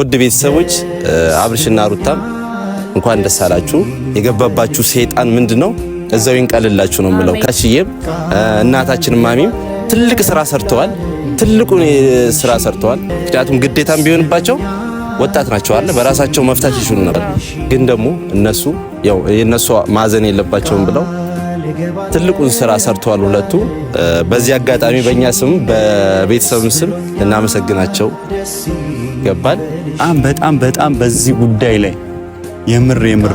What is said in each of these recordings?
ውድ ቤተሰቦች አብርሽና ሩታም እንኳን ደስ አላችሁ። የገባባችሁ ሰይጣን ምንድነው? እዛው ይንቀልላችሁ ነው የምለው። ካሽዬም እናታችን ማሚም ትልቅ ስራ ሰርተዋል። ትልቁን ስራ ሰርተዋል። ምክንያቱም ግዴታም ቢሆንባቸው ወጣት ናቸው አለ በራሳቸው መፍታት ይችሉ ነበር። ግን ደግሞ እነሱ ያው የነሱ ማዘን የለባቸውም ብለው ትልቁን ስራ ሰርተዋል ሁለቱ። በዚህ አጋጣሚ በእኛ ስም በቤተሰብም ስም እናመሰግናቸው ይገባል። በጣም በጣም በጣም በዚህ ጉዳይ ላይ የምር የምር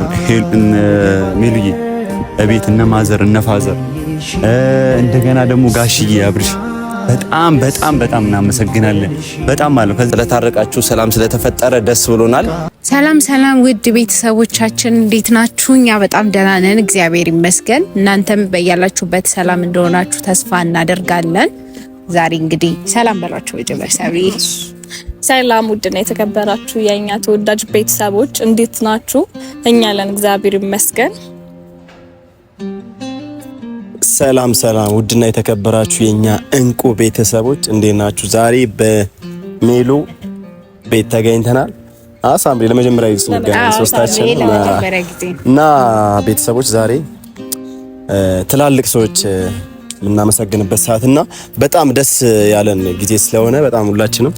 ሚልዬ እቤት እነ ማዘር እነ ፋዘር እንደገና ደግሞ ጋሽዬ አብርሽ በጣም በጣም በጣም እናመሰግናለን። በጣም ማለት ስለታረቃችሁ ሰላም ስለተፈጠረ ደስ ብሎናል። ሰላም ሰላም ውድ ቤተሰቦቻችን እንዴት ናችሁ? እኛ በጣም ደህና ነን፣ እግዚአብሔር ይመስገን። እናንተም በያላችሁበት ሰላም እንደሆናችሁ ተስፋ እናደርጋለን። ዛሬ እንግዲህ ሰላም በሏቸው መጀመር ሰላም ውድና የተከበራችሁ የእኛ ተወዳጅ ቤተሰቦች እንዴት ናችሁ? እኛ ለን እግዚአብሔር ይመስገን። ሰላም ሰላም ውድና የተከበራችሁ የእኛ እንቁ ቤተሰቦች እንዴት ናችሁ? ዛሬ በሜሉ ቤት ተገኝተናል። ሳምሪ ለመጀመሪያ ጊዜ ስንገናኝ ሶስታችን እና ቤተሰቦች ዛሬ ትላልቅ ሰዎች የምናመሰግንበት ሰዓት እና በጣም ደስ ያለን ጊዜ ስለሆነ በጣም ሁላችንም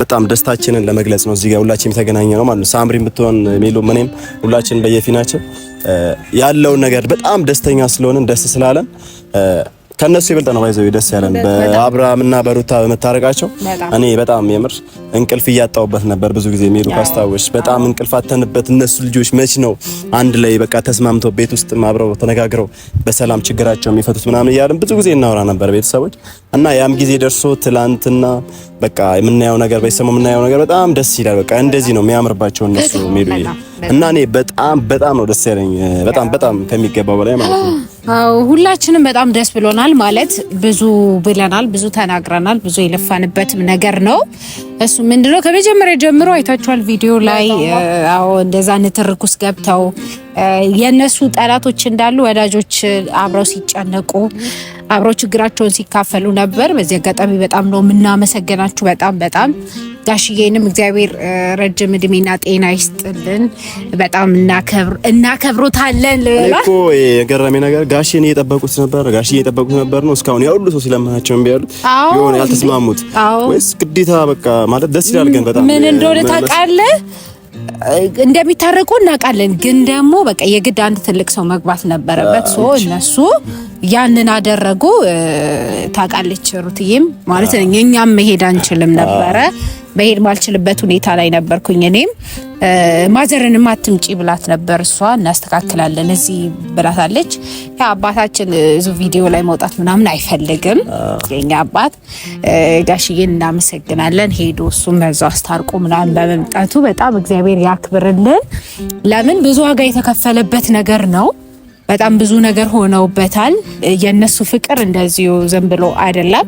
በጣም ደስታችንን ለመግለጽ ነው እዚህ ጋር ሁላችንም የተገናኘ ነው ማለት ነው። ሳምሪ ብትሆን ሜሎ ምንም ሁላችን በየፊናችን ያለውን ነገር በጣም ደስተኛ ስለሆንን ደስ ስላለን ከነሱ ይበልጥ ነው ባይዘው ደስ ያለን እና በሩታ በመታረቃቸው። እኔ በጣም የምር እንቅልፍ እያጣውበት ነበር ብዙ ጊዜ የሚሉ ካስታወሽ በጣም እንቅልፍ አተንበት። እነሱ ልጆች መች ነው አንድ ላይ በቃ ተስማምተው ቤት ውስጥ አብረው ተነጋግረው በሰላም ችግራቸው የሚፈቱት ምናምን እያልን ብዙ ጊዜ እናወራ ነበር ቤተሰቦች እና ያም ጊዜ ደርሶ ትላንትና በቃ የምናየው ነገር በሰሙ የምናየው ነገር በጣም ደስ ይላል። በቃ እንደዚህ ነው የሚያምርባቸው እነሱ የሚሉ እና እኔ በጣም በጣም ነው ደስ ያለኝ፣ በጣም በጣም ከሚገባው በላይ ማለት ነው። ሁላችንም በጣም ደስ ብሎናል። ማለት ብዙ ብለናል፣ ብዙ ተናግረናል፣ ብዙ የለፋንበትም ነገር ነው። እሱ ምንድነው ከመጀመሪያ ጀምሮ አይታችኋል ቪዲዮ ላይ አዎ፣ እንደዛ ንትርኩስ ገብተው የነሱ ጠላቶች እንዳሉ ወዳጆች አብረው ሲጨነቁ አብረው ችግራቸውን ሲካፈሉ ነበር። በዚህ አጋጣሚ በጣም ነው የምናመሰግናችሁ። በጣም በጣም ጋሽዬንም እግዚአብሔር ረጅም እድሜና ጤና ይስጥልን። በጣም እናከብሮታለን። የገረሜ ነገር ጋሽን እየጠበቁት ነበር፣ ጋሽን እየጠበቁት ነበር ነው እስካሁን ያሁሉ ሰው ሲለምናቸው እምቢ ያሉት የሆነ ያልተስማሙት ወይስ ግዴታ በቃ ማለት ደስ ይላል። ግን በጣም ምን እንደሆነ ታውቃለህ እንደሚታረቁ እናውቃለን። ግን ደግሞ በቃ የግድ አንድ ትልቅ ሰው መግባት ነበረበት። እነሱ ያንን አደረጉ። ታውቃለች ሩትዬም ማለት እኛም መሄድ አንችልም ነበረ። መሄድ ማልችልበት ሁኔታ ላይ ነበርኩኝ እኔም። ማዘርንም አትምጪ ብላት ነበር እሷ። እናስተካክላለን እዚህ ብላታለች። ያ አባታችን እዙ ቪዲዮ ላይ መውጣት ምናምን አይፈልግም የኛ አባት። ጋሽዬን እናመሰግናለን። ሄዶ እሱም በዛው አስታርቆ ምናምን በመምጣቱ በጣም እግዚአብሔር ያክብርልን። ለምን ብዙ ዋጋ የተከፈለበት ነገር ነው በጣም ብዙ ነገር ሆነውበታል። የነሱ ፍቅር እንደዚሁ ዝም ብሎ አይደለም።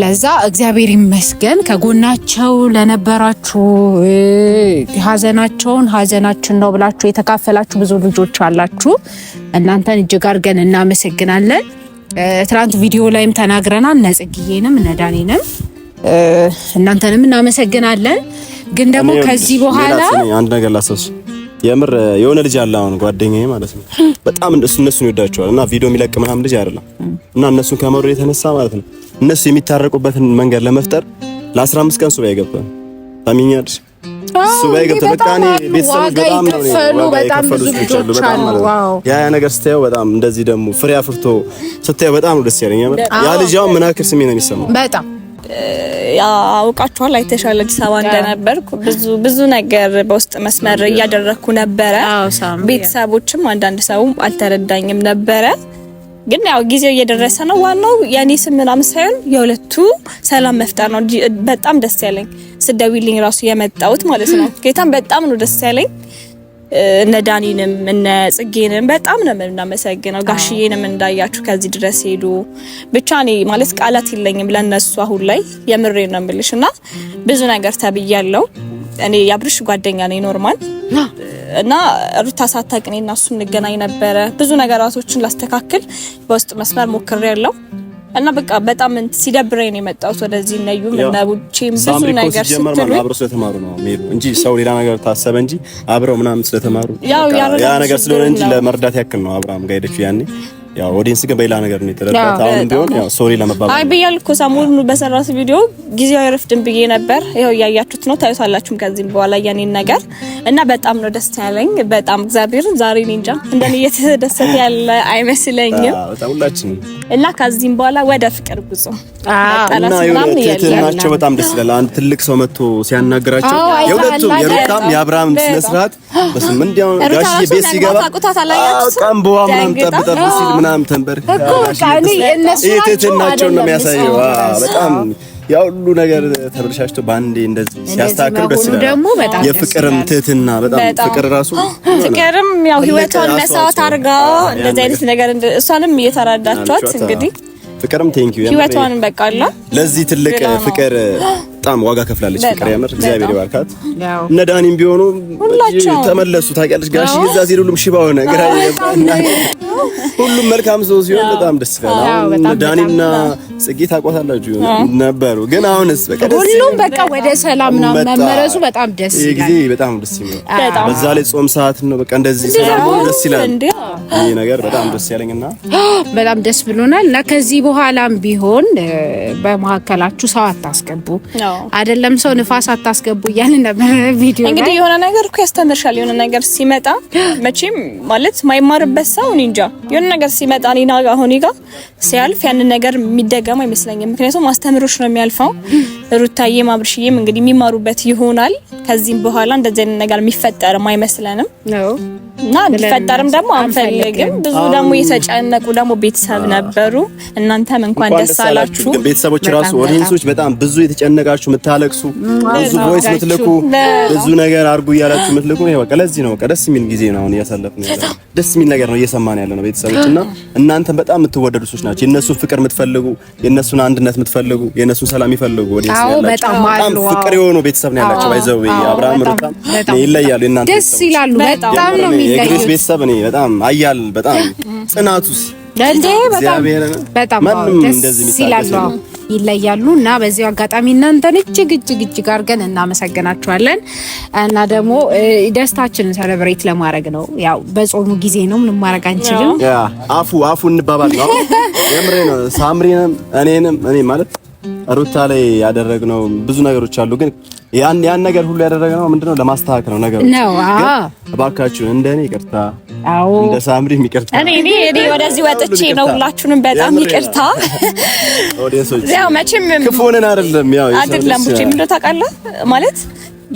ለዛ እግዚአብሔር ይመስገን ከጎናቸው ለነበራችሁ ሀዘናቸውን ሀዘናችን ነው ብላችሁ የተካፈላችሁ ብዙ ልጆች አላችሁ። እናንተን እጅግ አድርገን እናመሰግናለን። ትናንት ቪዲዮ ላይም ተናግረናል። ነጽግዬንም ነዳኔንም እናንተንም እናመሰግናለን። ግን ደግሞ ከዚህ በኋላ አንድ ነገር ላሰብስ የምር የሆነ ልጅ አለ አሁን ጓደኛዬ ማለት ነው። በጣም እነሱ እነሱን ይወዳቸዋል እና ቪዲዮ የሚለቅ ምናምን ልጅ አይደለም እና እነሱን ከመውደድ የተነሳ ማለት ነው እነሱ የሚታረቁበትን መንገድ ለመፍጠር ለ15 ቀን ሱባኤ ገብቷል። ታሚኛለሽ? ሱባኤ ገብቷል። በቃ እኔ ቤተሰቦች በጣም ነው በጣም ብዙ ልጆች አሉ። ያ ያ ነገር ስታየው በጣም እንደዚህ ደግሞ ፍሬ አፍርቶ ስታየው በጣም ነው ደስ ያለኝ። ያ ልጅ አሁን ምን አክል ስሜት ነው የሚሰማው በጣም አውቃችኋል፣ አይተሻል አዲስ አበባ እንደነበርኩ ብዙ ብዙ ነገር በውስጥ መስመር እያደረግኩ ነበረ። ቤተሰቦችም አንዳንድ ሰው አልተረዳኝም ነበረ። ግን ያው ጊዜው እየደረሰ ነው። ዋናው የኔ ስም ምናምን ሳይሆን የሁለቱ ሰላም መፍጠር ነው። በጣም ደስ ያለኝ ስደዊልኝ ራሱ የመጣሁት ማለት ነው። ጌታም በጣም ነው ደስ ያለኝ። እነ ዳኒንም እነ ጽጌንም በጣም ነው የምናመሰግነው። ጋሽዬንም እንዳያችሁ ከዚህ ድረስ ሄዱ። ብቻ እኔ ማለት ቃላት የለኝም ለነሱ። አሁን ላይ የምሬ ነው የምልሽ እና ብዙ ነገር ተብያለው። እኔ የአብርሽ ጓደኛ ነኝ ኖርማል እና ሩታ ሳታቅኔ እና እሱ እንገናኝ ነበረ ብዙ ነገራቶችን ላስተካክል በውስጥ መስመር ሞክሬ ያለው እና በቃ በጣም ሲደብረኝ ነው የመጣሁት ወደዚህ። እነ ዩም ቡቼም ብዙ ነገር ማለት አብረው ስለተማሩ ነው የሚሄዱ እንጂ ሰው ሌላ ነገር ታሰበ እንጂ አብረው ምናምን ስለተማሩ ያው ያ ነገር ስለሆነ እንጂ ለመርዳት ያክል ነው አብርሃም ጋር ሄደችው ያኔ ያው ኦዲየንስ ግን በሌላ ነገር ነው የተረዳት። አሁን ቢሆን ያው ሶሪ ለመባባል አይ ብያለሁ እኮ ሳሙኑ በሰራሁት ቪዲዮ ጊዜው አይረፍድም ብዬ ነበር። ይኸው እያያችሁት ነው፣ ታዩታላችሁም ከዚህም በኋላ የእኔን ነገር እና በጣም ነው ደስ ያለኝ። በጣም እግዚአብሔር ዛሬ እኔ እንጃ እንደኔ እየተደሰተ ያለ አይመስለኝም። በጣም ሁላችንም እና ከዚህም በኋላ ወደ ፍቅር ጉዞ ናቸው። በጣም ደስ ይላል። አንድ ትልቅ ሰው መጥቶ ሲያናግራቸው የሁለቱም የሩታም የአብርሃም ስነ በስም እንዲያው ጋሽ ቤት ሲገባ ቀን በዋ ምናምን ጠብ ጠብ ሲል ምናምን ተንበር እኮ ነው የሚያሳየው። በጣም ያው ሁሉ ነገር ተበላሽቶ በአንዴ እንደዚህ ሲያስተካክሉ ደስ ይላል። የፍቅርም ትህትና በጣም ፍቅር ራሱ ፍቅርም ያው ህይወቷን መስዋዕት አድርጋ እንደዚህ አይነት ነገር እሷንም እየተራዳችኋት እንግዲህ ፍቅርም ቴንኪው ህይወቷን በቃ ለዚህ ትልቅ ፍቅር በጣም ዋጋ ከፍላለች። ፍቅር ያምር እግዚአብሔር ይባርካት። እነ ዳኒም ቢሆኑ ተመለሱ። ታውቂያለሽ ጋሽ እዛ ሁሉም ሽባ ሆነ ግራ ሁሉም መልካም ሰው ሲሆን በጣም ደስ ይላል። ዳኒና ጽጌ ታውቋታላችሁ ነበሩ፣ ግን አሁንስ በቃ ደስ ሁሉም በቃ ወደ ሰላም ነው መመረሱ በጣም ደስ ይላል። ጊዜ በጣም ደስ ይላል። በዛ ላይ ጾም ሰዓት ነው። በቃ እንደዚህ ሰላም ነው ደስ ይላል። ይሄ ነገር በጣም ደስ ያለኝና በጣም ደስ ብሎናል። እና ከዚህ በኋላም ቢሆን በመሀከላችሁ ሰው አታስገቡ፣ አይደለም ሰው ንፋስ አታስገቡ እያልን ነበር። ቪዲዮ እንግዲህ የሆነ ነገር እኮ ያስተምርሻል። የሆነ ነገር ሲመጣ መቼም ማለት ማይማርበት ሰው እኔ እንጃ የሆነ ነገር ሲመጣ እኔ ጋር አሁን ጋር ሲያልፍ ያንን ነገር የሚደገመው አይመስለኝም። ምክንያቱም አስተምሮች ነው የሚያልፈው ሩታዬም አብርሽዬም እንግዲህ የሚማሩበት ይሆናል። ከዚህም በኋላ እንደዚህ አይነት ነገር የሚፈጠርም አይመስለንም እና እንዲፈጠርም ደግሞ አንፈልግም። ብዙ ደግሞ የተጨነቁ ደግሞ ቤተሰብ ነበሩ። እናንተም እንኳን ደስ አላችሁ ቤተሰቦች፣ ራሱ ኦዲንሶች በጣም ብዙ የተጨነቃችሁ የምታለቅሱ፣ ብዙ ቮይስ ምትልኩ፣ ብዙ ነገር አርጉ እያላችሁ ምትልኩ ነው። በቃ ለዚህ ነው። በቃ ደስ የሚል ጊዜ ነው አሁን እያሳለፍን ያለው። ደስ የሚል ነገር ነው እየሰማን ያለ ነው ቤተሰቦች እና እናንተም በጣም የምትወደዱ ሰዎች ናቸው። የእነሱን ፍቅር የምትፈልጉ፣ የእነሱን አንድነት የምትፈልጉ፣ የእነሱን ሰላም ይፈልጉ በጣም ፍቅር የሆኑ ቤተሰብ ነው ያላቸው። ባይዘው አብርሃም ሩታም ይለያሉ። እናንተ ደስ ይላሉ። በጣም ነው የሚለያዩ ቤተሰብ። እኔ በጣም አያል በጣም ጽናቱስ እንዴ በጣም በጣም ደስ ይላሉ። ይለያሉ እና በዚሁ አጋጣሚ እናንተን እጅግ እጅግ እጅግ አድርገን እናመሰግናችኋለን። እና ደግሞ ደስታችንን ሰለብሬት ለማድረግ ነው። ያው በጾሙ ጊዜ ነው፣ ምንም ማድረግ አንችልም። አፉ አፉ እንባባል ነው። የምሬ ነው። ሳምሪንም እኔንም እኔ ማለት ሩታ ላይ ያደረግነው ብዙ ነገሮች አሉ፣ ግን ያን ያን ነገር ሁሉ ያደረግነው ምንድነው ለማስተካከል ነው ነገር ነው። እባካችሁ እንደኔ ይቅርታ፣ እንደ ሳምሪም ይቅርታ። እኔ እኔ እኔ ወደዚህ ወጥቼ ነው። ሁላችሁንም በጣም ይቅርታ። ያው መቼም ክፉ አይደለም፣ ያው አይደለም ብቻ ምን ታውቃለህ ማለት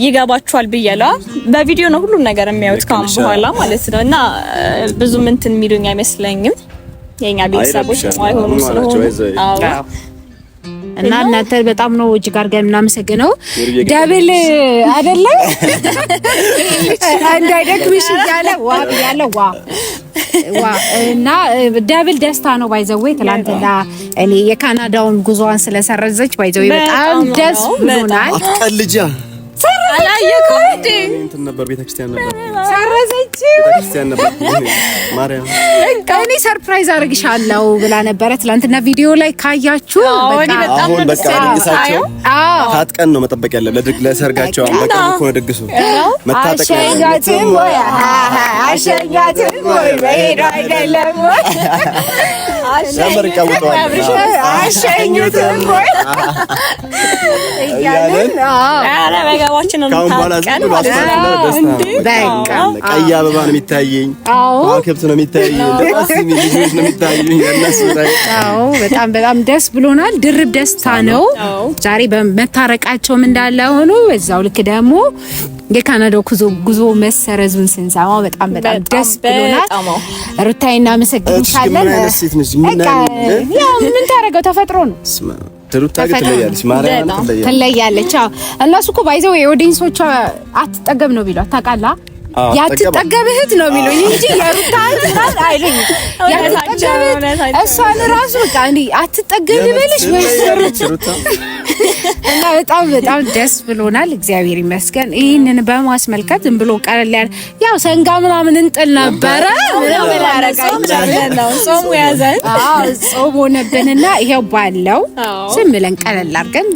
ይገባችኋል ብያለሁ። በቪዲዮ ነው ሁሉም ነገር የሚያዩት ካሁን በኋላ ማለት ነው። እና ብዙ ምንትን የሚሉኝ አይመስለኝም የኛ ቤተሰቦች አይሆኑም ስለሆኑ እና እናንተ በጣም ነው እጅግ አድርገን የምናመሰግነው። ደብል አይደለም እንዳይደግምሽ እያለ ዋ እያለ ዋ ዋ እና ደብል ደስታ ነው። ባይዘዌ ትላንትና እኔ የካናዳውን ጉዞዋን ስለሰረዘች ባይዘዌ በጣም ደስ ብሎናል። አትቀልጃ አላየከው እንዴ? እንትን እኔ ሰርፕራይዝ አድርግሻለሁ ብላ ነበረ ትናንትና ቪዲዮ ላይ ካያችሁ። አሁን በቃ ድግሳቸው ታጥቀን ነው መጠበቅ ያለ ለሰርጋቸው በቃ ነው ድግሱ መታጠቅ አይደለም ነበር አሸኙትም እያለን ቀይ አበባ ነው የሚታየኝ፣ ከብት ነው የሚታየኝ፣ በጣም በጣም ደስ ብሎናል። ድርብ ደስታ ነው ዛሬ በመታረቃቸውም እንዳለ ሆኖ እዛው ልክ ደግሞ የካናዳ ጉዞ ጉዞ መሰረዙን ስንሰማ በጣም በጣም ደስ ብሎናል። ሩታዬ እናመሰግንሻለን። ምን ታደርገው ተፈጥሮ ነው። ትለያለች። እነሱ እኮ ባይዘው የኦዲንሶቿ አትጠገብ ነው ቢሏት ታውቃለህ። ያትጠገብህት ነው የሚሉኝ እንጂ የሩታ እህት አይሉኝም። ያትጠገብህት እሷን ራሱ በቃ አትጠገብ ይበልሽ ወይስ ሩታ እና በጣም በጣም ደስ ብሎናል። እግዚአብሔር ይመስገን። ይህንን በማስመልከት ዝም ብሎ ቀለል ያለ ያው ሰንጋ ምናምን እንጥል ነበረ ጾሙ ያዘን ጾም ሆነብንና ይሄው ባለው ዝም ብለን ቀለል አድርገን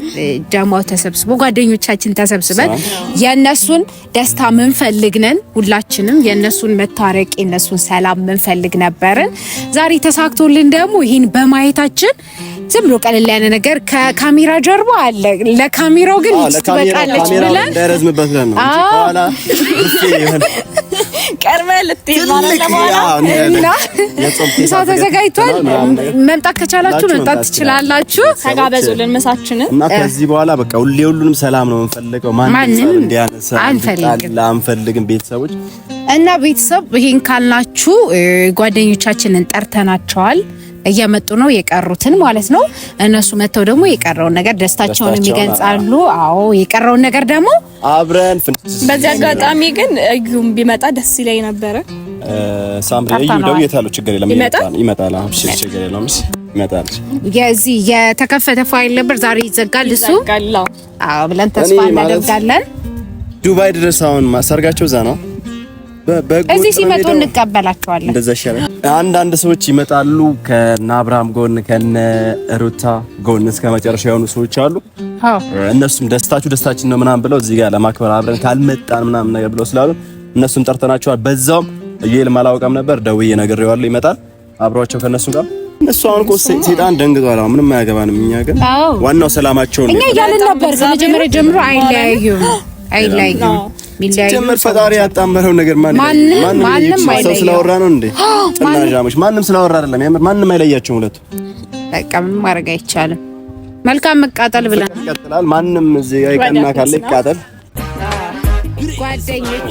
ደማው ተሰብስቦ ጓደኞቻችን ተሰብስበን የእነሱን ደስታ ምንፈልግ ነን ሁላችንም የእነሱን መታረቅ የእነሱን ሰላም ምንፈልግ ነበርን። ዛሬ ተሳክቶልን ደግሞ ይህን በማየታችን ዝም ብሎ ቀለል ያለ ነገር ከካሜራ ጀር ከጀርባ አለ። ለካሜራው ግን ትበቃለች ብለን እንዳይረዝምበት ብለን ነው እንጂ በኋላ ቀርበህ ልትሄድ ማለት ነው። በኋላ ምሳ ተዘጋጅቷል። መምጣት ከቻላችሁ መምጣት ትችላላችሁ። ተጋበዙልን ምሳችንን እና ከዚህ በኋላ በቃ ሁሌ ሁሉንም ሰላም ነው የምንፈልገው። ማንም እንዲያነሳ አንፈልግም። ቤተሰቦች እና ቤተሰብ ይሄን ካልናችሁ ጓደኞቻችንን ጠርተናቸዋል። እየመጡ ነው የቀሩትን ማለት ነው። እነሱ መጥተው ደግሞ የቀረውን ነገር ደስታቸውን የሚገልጻሉ። አዎ የቀረውን ነገር ደግሞ አብረን በዚህ አጋጣሚ ግን እዩም ቢመጣ ደስ ይለኝ ነበረ። ሳምሪ እዩ ደው ደውዬታለሁ። ችግር የለም ይመጣል፣ ይመጣል። አሁን ችግር የለም ይመጣል። የዚህ የተከፈተ ፋይል ነበር ዛሬ ይዘጋል እሱ። አዎ ብለን ተስፋ እናደርጋለን። ዱባይ ድረስ አሁን ማሰርጋቸው እዛ ነው እዚህ ሲመጡ እንቀበላቸዋለን። እንደዛ ይሻላል። አንዳንድ ሰዎች ይመጣሉ ከነ አብርሃም ጎን ከነ ሩታ ጎን እስከ መጨረሻ የሆኑ ሰዎች አሉ። እነሱም ደስታችሁ ደስታችን ነው ምናምን ብለው እዚህ ጋር ለማክበር አብረን ካልመጣን ምናምን ነገር ብለው ስላሉ እነሱም ጠርተናቸዋል። በዛውም እየል አላውቀም ነበር ደውዬ ነግሬዋለሁ። ይመጣል አብሯቸው ከነሱ ጋር እነሱ አሁን እኮ ሴጣን ደንግጧል። አሁን ምንም አያገባንም እኛ ግን ዋናው ሰላማቸው ነው። እኛ እያልን ነበር ከመጀመሪያ ጀምሮ አይለያዩም አይለያዩም ሲጀመር ፈጣሪ ያጣመረው ነገር ማን ማንም ሰው ስላወራ ነው እንዴ? እናጃምሽ ማንም ስላወራ አይደለም። ያምር ማንም አይለያቸውም ሁለቱ። በቃ ምን ማድረግ አይቻልም። መልካም መቃጠል ብለን ይቀጥላል። ማንም እዚህ አይቀና ካለ ይቃጠል። ጓደኞቻችን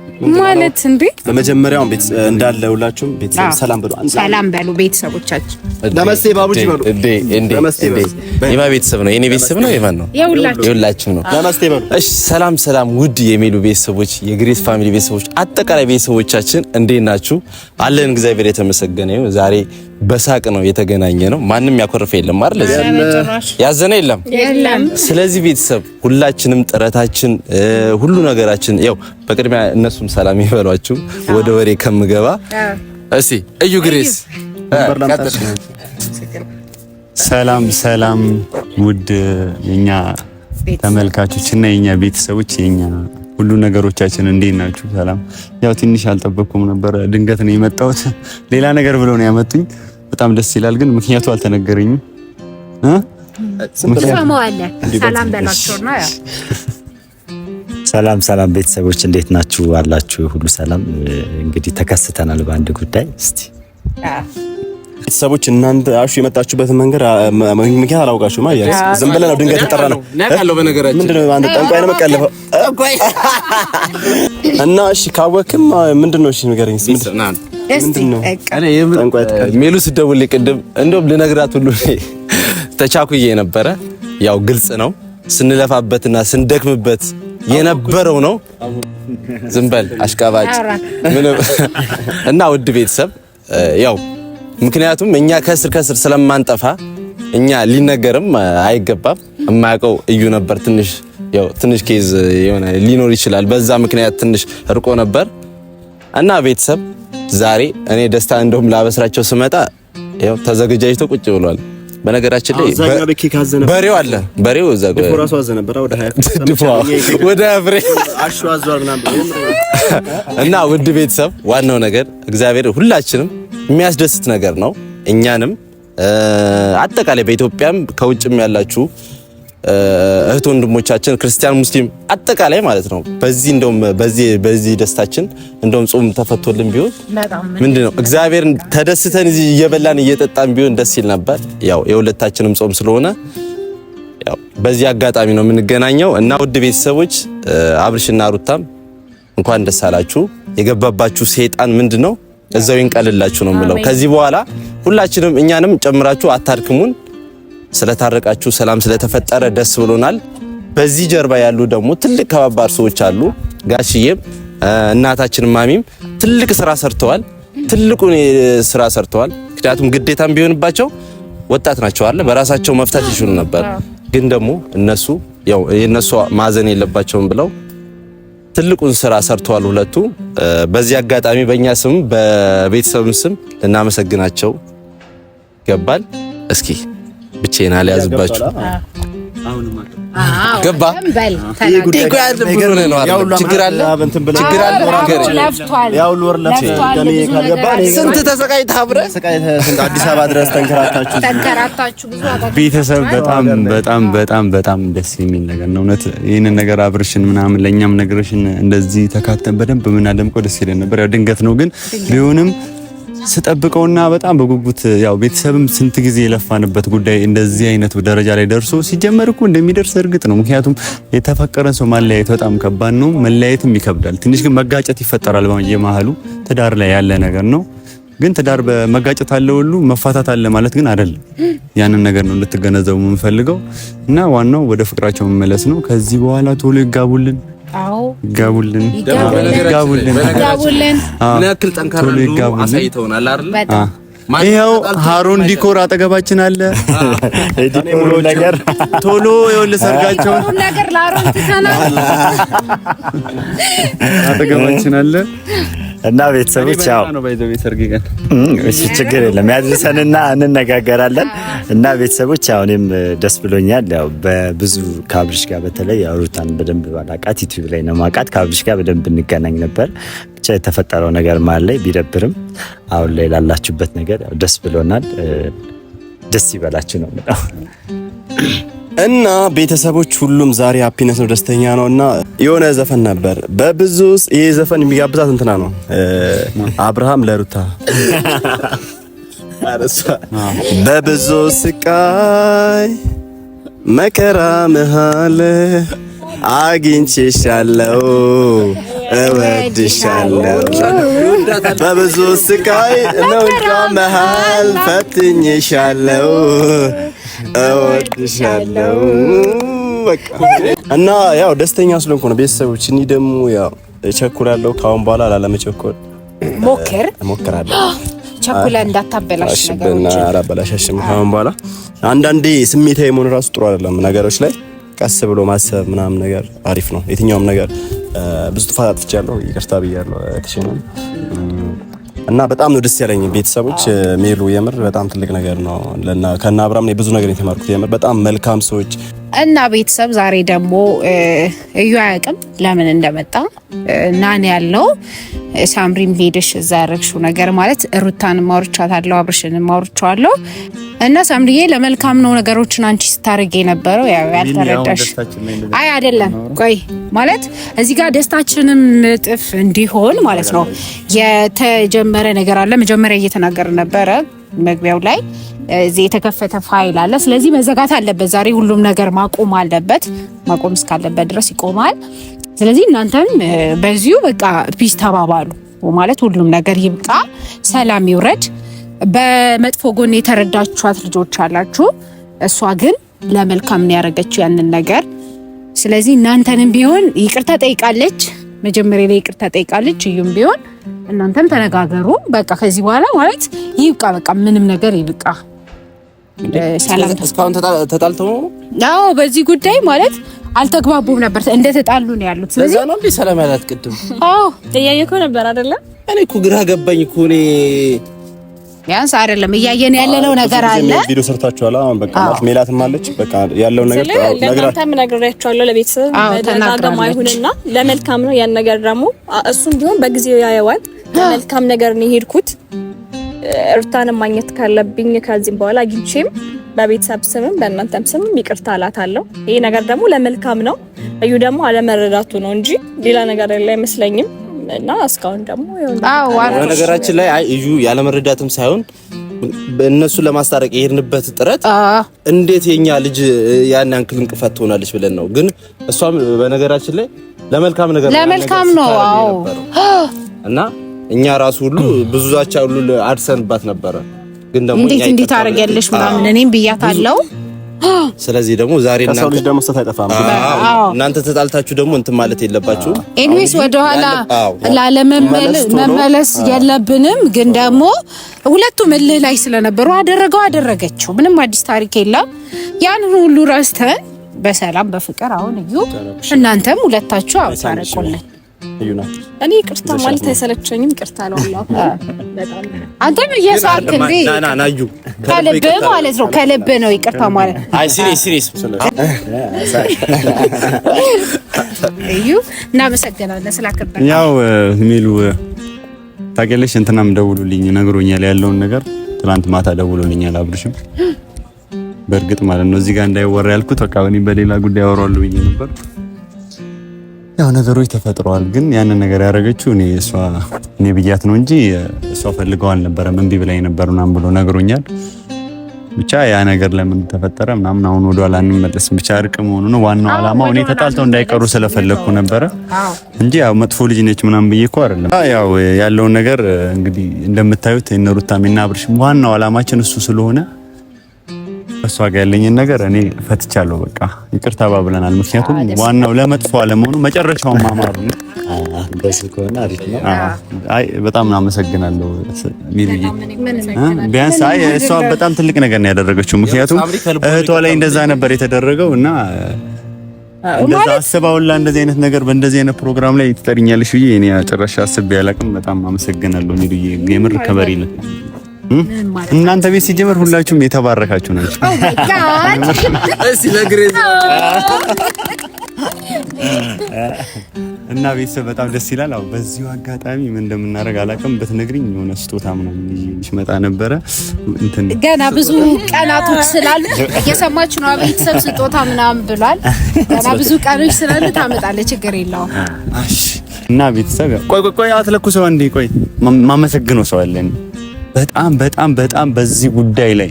ማለት እንዴ! በመጀመሪያው ቤት እንዳለ ሁላችሁም ቤት ሰላም በሉ፣ ሰላም በሉ ቤተሰቦቻችን። ለመስቴ ባቡሽ በሉ እንዴ! እንዴ! የማ ቤተሰብ ነው? የኔ ቤተሰብ ነው? የማን ነው? የሁላችን ነው። ለመስቴ በሉ። እሺ፣ ሰላም ሰላም፣ ውድ የሚሉ ቤተሰቦች፣ የግሬስ ፋሚሊ ቤተሰቦች፣ አጠቃላይ ቤተሰቦቻችን እንዴት ናችሁ? አለን እግዚአብሔር የተመሰገነ ይሁን። ዛሬ በሳቅ ነው የተገናኘ ነው። ማንም ያኮርፈ የለም አይደል? ያዘነ የለም። ስለዚህ ቤተሰብ ሁላችንም ጥረታችን ሁሉ ነገራችን ያው በቅድሚያ እነሱም ሰላም ይበሏችሁ። ወደ ወሬ ከምገባ እስቲ እዩ ግሬስ ሰላም ሰላም፣ ውድ የኛ ተመልካቾች እና የኛ ቤተሰቦች የኛ ሁሉ ነገሮቻችን እንዴት ናችሁ? ሰላም። ያው ትንሽ አልጠበቅኩም ነበር፣ ድንገት ነው የመጣሁት። ሌላ ነገር ብለው ነው ያመጡኝ። በጣም ደስ ይላል፣ ግን ምክንያቱ አልተነገረኝም። ሰላም በላቸውና ሰላም ሰላም ቤተሰቦች እንዴት ናችሁ? አላችሁ ሁሉ ሰላም። እንግዲህ ተከስተናል በአንድ ጉዳይ። እስቲ ቤተሰቦች እናንተ አሹ የመጣችሁበት መንገድ ምክንያት አላውቃችሁ ማ ዝም ብለን ነው ድንገት ተጠራ ነው ምንድነው? አንድ ጠንቋይ ነው መቀለፈው እና እሺ፣ ካወክም ምንድን ነው? እሺ ንገረኝ። ሜሉ ሲደውል ቅድም እንደውም ልነግራት ሁሉ ተቻኩዬ ነበረ። ያው ግልጽ ነው ስንለፋበትና ስንደክምበት የነበረው ነው። ዝም በል አሽቃባጭ እና ውድ ቤተሰብ ያው ምክንያቱም እኛ ከስር ከስር ስለማንጠፋ እኛ ሊነገርም አይገባም። የማያውቀው እዩ ነበር ትንሽ ያው ትንሽ ኬዝ የሆነ ሊኖር ይችላል። በዛ ምክንያት ትንሽ እርቆ ነበር እና ቤተሰብ ዛሬ እኔ ደስታ እንደውም ላበስራቸው ስመጣ ያው ተዘገጃጅቶ ቁጭ ብሏል። በነገራችን ላይ በሬው አለ። በሬው እዛ ጋር ወደ ፍሬ እና ውድ ቤተሰብ፣ ዋናው ነገር እግዚአብሔር ሁላችንም የሚያስደስት ነገር ነው። እኛንም አጠቃላይ በኢትዮጵያም ከውጭም ያላችሁ እህት ወንድሞቻችን ክርስቲያን ሙስሊም አጠቃላይ ማለት ነው። በዚህ እንደውም በዚህ በዚህ ደስታችን እንደውም ጾም ተፈቶልን ቢሆን ምንድነው ነው እግዚአብሔርን ተደስተን እዚህ እየበላን እየጠጣን ቢሆን ደስ ይል ነበር። ያው የሁለታችንም ጾም ስለሆነ ያው በዚህ አጋጣሚ ነው የምንገናኘው እና ውድ ቤተሰቦች አብርሽና ሩታም እንኳን ደስ አላችሁ። የገባባችሁ ሰይጣን ምንድነው? እዛው ይንቀልላችሁ ነው የምለው። ከዚህ በኋላ ሁላችንም እኛንም ጨምራችሁ አታድክሙን። ስለታረቃችሁ፣ ሰላም ስለተፈጠረ ደስ ብሎናል። በዚህ ጀርባ ያሉ ደግሞ ትልቅ ከባባር ሰዎች አሉ። ጋሽዬም እናታችን ማሚም ትልቅ ስራ ሰርተዋል። ትልቁን ስራ ሰርተዋል። ምክንያቱም ግዴታም ቢሆንባቸው ወጣት ናቸው አለ በራሳቸው መፍታት ይችሉ ነበር። ግን ደግሞ እነሱ ያው የነሱ ማዘን የለባቸውም ብለው ትልቁን ስራ ሰርተዋል ሁለቱ። በዚህ አጋጣሚ በእኛ ስም በቤተሰብም ስም ልናመሰግናቸው ይገባል። እስኪ ብቻዬን አልያዝባችሁ ገባ ስንት ተሰቃይተህ አብረህ አዲስ አበባ ድረስ ተንከራታችሁ ቤተሰብ በጣም በጣም በጣም በጣም ደስ የሚል ነገር ነው። እውነት ይህንን ነገር አብርሽን ምናምን ለእኛም ነገሮችን እንደዚህ ተካተን በደንብ ምናደምቀው ደስ ይለን ነበር። ያው ድንገት ነው ግን ቢሆንም ስጠብቀውና በጣም በጉጉት ያው ቤተሰብም ስንት ጊዜ የለፋንበት ጉዳይ እንደዚህ አይነት ደረጃ ላይ ደርሶ ሲጀመር እኮ እንደሚደርስ እርግጥ ነው። ምክንያቱም የተፈቀረን ሰው ማለያየት በጣም ከባድ ነው። መለያየትም ይከብዳል። ትንሽ ግን መጋጨት ይፈጠራል በየመሃሉ ትዳር ላይ ያለ ነገር ነው። ግን ትዳር በመጋጨት አለ ሁሉ መፋታት አለ ማለት ግን አይደለም። ያንን ነገር ነው እንድትገነዘቡ የምንፈልገው እና ዋናው ወደ ፍቅራቸው መመለስ ነው። ከዚህ በኋላ ቶሎ ይጋቡልን። ጋቡልን ጋቡልን ይጋቡልን፣ ይጋቡልን። ምን ያክል ጠንካራ አሳይተውናል አይደል? ይኸው ሀሩን ዲኮር አጠገባችን አለ። ዲኮሩ ነገር ቶሎ ይኸውልህ፣ ሰርጋቸው ነገር ለሀሩን ትተናል፣ አጠገባችን አለ። እና ቤተሰቦች ያው እሺ፣ ችግር የለም ያድርሰንና እንነጋገራለን። እና ቤተሰቦች ያው እኔም ደስ ብሎኛል። ያው በብዙ ከአብርሽ ጋር በተለይ ያው ሩታን በደንብ ባላቃት ዩቲዩብ ላይ ነው ማቃት። ከአብርሽ ጋር በደንብ እንገናኝ ነበር። ብቻ የተፈጠረው ነገር ማለት ላይ ቢደብርም አሁን ላይ ላላችሁበት ነገር ደስ ብሎናል። ደስ ይበላችሁ ነው። እና ቤተሰቦች ሁሉም ዛሬ ሀፒነስ ነው፣ ደስተኛ ነው። እና የሆነ ዘፈን ነበር በብዙ ውስጥ ይሄ ዘፈን የሚጋብዛት እንትና ነው አብርሃም ለሩታ በብዙ ስቃይ መከራ መሃል አግኝቼሻለሁ፣ እወድሻለሁ። በብዙ ስቃይ ነው መሃል ፈትኜሻለሁ እወድሻለሁ እና ያው ደስተኛ ስለሆንኩ ነው። ቤተሰቦች እኔ ደግሞ ያው እቸኩላለሁ። ከአሁን በኋላ ላለመቸኮል ሞክር እሞክራለሁ። ቸኩላ እንዳታበላሽ ነገሮችን አላበላሻሽም። ከአሁን በኋላ አንዳንዴ ስሜታዊ መሆን ራሱ ጥሩ አይደለም። ነገሮች ላይ ቀስ ብሎ ማሰብ ምናምን ነገር አሪፍ ነው። የትኛውም ነገር ብዙ ጥፋት አጥፍቻለሁ፣ ይቅርታ ብያለሁ። እና በጣም ነው ደስ ያለኝ ቤተሰቦች ሜሉ የምር በጣም ትልቅ ነገር ነው። ከእነ አብርሃም ብዙ ነገር የተማርኩት የምር በጣም መልካም ሰዎች እና ቤተሰብ ዛሬ ደግሞ እዩ አያውቅም ለምን እንደመጣ ናን ያለው ሳምሪም ሄደሽ እዛ ያረግሽው ነገር ማለት ሩታን ማውርቻታለሁ፣ አብርሽን ማውርቻለሁ እና ሳምሪዬ ለመልካም ነው ነገሮችን አንቺ ስታደርግ የነበረው ያው ያልተረዳሽ አይ አይደለም። ቆይ ማለት እዚህ ጋር ደስታችንም እጥፍ እንዲሆን ማለት ነው የተጀመረ ነገር አለ። መጀመሪያ እየተናገር ነበረ መግቢያው ላይ እዚህ የተከፈተ ፋይል አለ። ስለዚህ መዘጋት አለበት። ዛሬ ሁሉም ነገር ማቆም አለበት። ማቆም እስካለበት ድረስ ይቆማል። ስለዚህ እናንተም በዚሁ በቃ ፒስ ተባባሉ ማለት ሁሉም ነገር ይብቃ፣ ሰላም ይውረድ። በመጥፎ ጎን የተረዳችኋት ልጆች አላችሁ። እሷ ግን ለመልካም ነው ያደረገችው ያንን ነገር። ስለዚህ እናንተንም ቢሆን ይቅርታ ጠይቃለች። መጀመሪያ ላይ ይቅርታ ጠይቃለች። እዩም ቢሆን እናንተም ተነጋገሩ። በቃ ከዚህ በኋላ ማለት ይብቃ። በቃ ምንም ነገር ይብቃ። እስካሁን ተጣልተው ነው በዚህ ጉዳይ ማለት አልተግባቡም ነበር። እንደተጣሉ ነው ያሉት። ስለዚህ ነው እንዴ ሰላም ያላት። ቅድም አዎ እያየከው ነበር አይደለ? እኔ እኮ ግራ ገባኝ እኮ እኔ ቢያንስ አይደለም እያየን ያለነው ነገር አለ። ቪዲዮ ሰርታችኋል። አሁን በቃ ማለት ሜላትም አለች በቃ ያለው ነገር ለእናንተም ነግሬያቸዋለሁ። ለቤተሰብ መደጋገም አይሁንና ለመልካም ነው ያን ነገር ደግሞ እሱም ቢሆን በጊዜው ያየዋል። ለመልካም ነገር ነው የሄድኩት። እርታንም ማግኘት ካለብኝ ከዚህም በኋላ አግኝቼም በቤተሰብ ስምም በእናንተም ስምም ይቅርታ እላታለሁ። ይሄ ነገር ደግሞ ለመልካም ነው። እዩ ደግሞ አለመረዳቱ ነው እንጂ ሌላ ነገር ላይ አይመስለኝም። እና እስካሁን ደግሞ ነገራችን ላይ እዩ ያለመረዳትም ሳይሆን እነሱ ለማስታረቅ የሄድንበት ጥረት እንዴት የኛ ልጅ ያን ያንክል እንቅፋት ትሆናለች ብለን ነው። ግን እሷም በነገራችን ላይ ለመልካም ነገር ለመልካም ነው። አዎ እና እኛ ራሱ ሁሉ ብዙ ዛቻ ሁሉ አድሰንባት ነበረ። ግን ደግሞ እንዴት እንዴት አደረገልሽ ምናምን እኔም ብያታለሁ ስለዚህ ደግሞ ዛሬ እናንተ ሰው ልጅ ደግሞ ስህተት አይጠፋም። እናንተ ተጣልታችሁ ደግሞ እንትን ማለት የለባችሁም። ኤኒዌይስ ወደኋላ ላለመመለስ የለብንም። ግን ደግሞ ሁለቱም እልህ ላይ ስለነበሩ አደረገው አደረገችው፣ ምንም አዲስ ታሪክ የለም። ያን ሁሉ ረስተን በሰላም በፍቅር አሁን እዩ እናንተም ሁለታችሁ አውታረቁልን እኔ ቅርታ ማለት አይሰለቸኝም። ቅርታ ነው አንተም እየሳቅ እንዴ ከልብ ማለት ነው። ከልብ ነው ይቅርታ ማለት እዩ እናመሰግናለን ስላከበረ ያው ሜሉ ታውቂያለሽ፣ እንትናም ደውሎልኝ ነግሮኛል ያለውን ነገር ትናንት ማታ ደውሎልኛል። አብርሽም በእርግጥ ማለት ነው እዚህ ጋር እንዳይወራ ያልኩት በቃ እኔ በሌላ ጉዳይ አወራዋለሁ ብዬ ነበር ያው ነገሮች ተፈጥረዋል። ግን ያንን ነገር ያደረገችው እኔ እሷ እኔ ብያት ነው እንጂ እሷ ፈልገው አልነበረም። እምቢ ብላኝ ነበር ምናምን ብሎ ነግሮኛል። ብቻ ያ ነገር ለምን ተፈጠረ ምናምን አሁን ወደኋላ እንመለስም። ብቻ እርቅ መሆኑ ነው ዋናው ዓላማ። እኔ ተጣልተው እንዳይቀሩ ስለፈለግኩ ነበረ እንጂ ያው መጥፎ ልጅ ነች ምናምን ብዬ እኮ አይደለም። ያው ያለውን ነገር እንግዲህ እንደምታዩት እነ ሩታሜና አብርሽ ዋናው አላማችን እሱ ስለሆነ እሷ ጋር ያለኝን ነገር እኔ ፈትቻለሁ። በቃ ይቅርታ ባብለናል። ምክንያቱም ዋናው ለመጥፎ አለመሆኑ መጨረሻውን ማማሩ ነው። በጣም አመሰግናለሁ ሚሉዬ። ቢያንስ አይ እሷ በጣም ትልቅ ነገር ነው ያደረገችው። ምክንያቱም እህቷ ላይ እንደዛ ነበር የተደረገው እና እንደዛ አስባውላ እንደዚህ አይነት ነገር በእንደዚህ አይነት ፕሮግራም ላይ ትጠሪኛለሽ ብዬ እኔ ጭራሽ አስቤ አላቅም። በጣም አመሰግናለሁ ሚሉዬ የምር ከበሪ። እናንተ ቤት ሲጀመር ሁላችሁም የተባረካችሁ ናችሁ። oh እሺ ለግሬዝ እና ቤተሰብ በጣም ደስ ይላል። አዎ በዚሁ አጋጣሚ ምን እንደምናደርግ አላውቅም። ብትነግሪኝ የሆነ ስጦታ ምናምን ይዤ መጣ ነበረ። እንትን ገና ብዙ ቀናቶች ስላሉ እየሰማችሁ ነው። ቤተሰብ ስጦታ ምናምን ብሏል። ገና ብዙ ቀኖች ስላሉ ታመጣለህ። ችግር የለውም። እና ቤተሰብ ቆይ ቆይ ቆይ፣ አትለኩ ሰው እንዴ! ቆይ ማመሰግነው ሰው አለን በጣም በጣም በጣም በዚህ ጉዳይ ላይ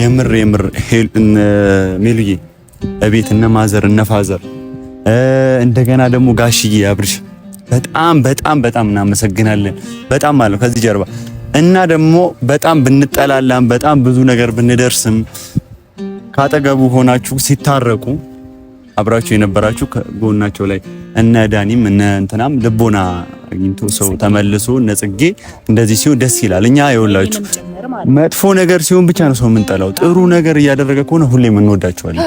የምር የምር ሜሉዬ እቤት እነ ማዘር እነ ፋዘር እንደገና ደግሞ ጋሽዬ አብርሽ በጣም በጣም በጣም እናመሰግናለን። በጣም ማለት ከዚህ ጀርባ እና ደግሞ በጣም ብንጠላላም በጣም ብዙ ነገር ብንደርስም ካጠገቡ ሆናችሁ ሲታረቁ አብራችሁ የነበራችሁ ከጎናቸው ላይ እነ ዳኒም እነ እንትናም ልቦና አግኝቶ ሰው ተመልሶ ነጽጌ እንደዚህ ሲሆን ደስ ይላል። እኛ የወላችሁ መጥፎ ነገር ሲሆን ብቻ ነው ሰው የምንጠላው። ጥሩ ነገር እያደረገ ከሆነ ሁሌም እንወዳቸዋለን።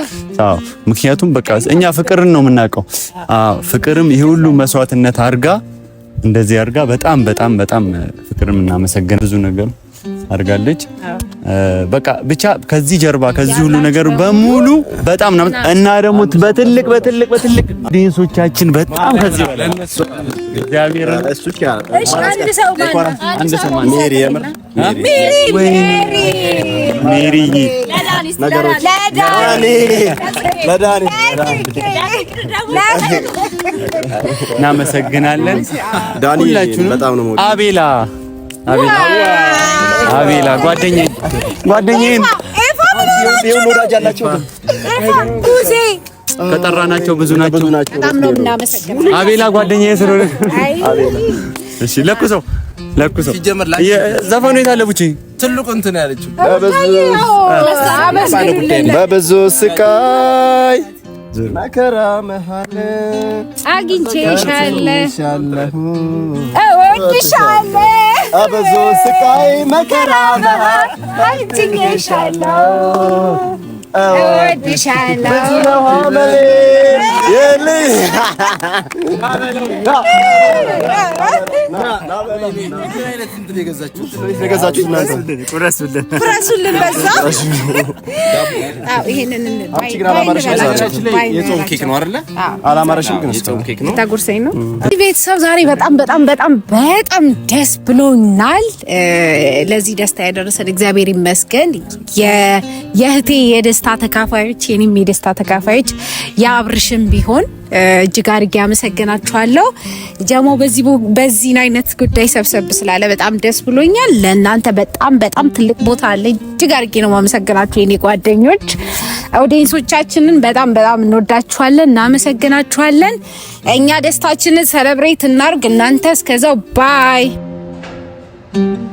አዎ፣ ምክንያቱም በቃ እኛ ፍቅርን ነው የምናውቀው። አዎ፣ ፍቅርም ይሄ ሁሉ መስዋዕትነት አድርጋ እንደዚህ አርጋ በጣም በጣም በጣም ፍቅርም እናመሰግን ብዙ ነገር አድርጋለች። በቃ ብቻ ከዚህ ጀርባ ከዚህ ሁሉ ነገር በሙሉ በጣም ነው እና ደግሞ በትልቅ በትልቅ በትልቅ ዲንሶቻችን በጣም ከዚህ እግዚአብሔር ለዳኒ ለዳኒ እናመሰግናለን። ዳኒ በጣም ነው አቤላ አቤላ አቤላ ጓደኛዬ ጓደኛዬን ከጠራናቸው ብዙ ናቸው። አቤላ ጓደኛዬ ስለሆነ እሺ። ለኩሰው ለኩሰው ዘፈኑ ትልቁ እንትን ያለችው በብዙ ስቃይ መከራ አግኝቼሻለሁ ወድሻለሁ በብዙ ስቃይ መከራ የጾም ኬክ ነው አይደለ? ቤተሰብ ዛሬ በጣም በጣም በጣም በጣም ደስ ብሎናል። ለዚህ ደስታ ያደረሰን እግዚአብሔር ይመስገን። የእህቴ የደ የደስታ ተካፋዮች የኔም የደስታ ተካፋዮች የአብርሽም ቢሆን እጅግ አድርጌ አመሰግናችኋለሁ። ጀሞ በዚህ በዚህን አይነት ጉዳይ ሰብሰብ ስላለ በጣም ደስ ብሎኛል። ለእናንተ በጣም በጣም ትልቅ ቦታ አለ። እጅግ አድርጌ ነው ማመሰግናችሁ የኔ ጓደኞች ኦዲየንሶቻችንን በጣም በጣም እንወዳችኋለን፣ እናመሰግናችኋለን። እኛ ደስታችንን ሰለብሬት እናርግ። እናንተ እስከዛው ባይ Thank you.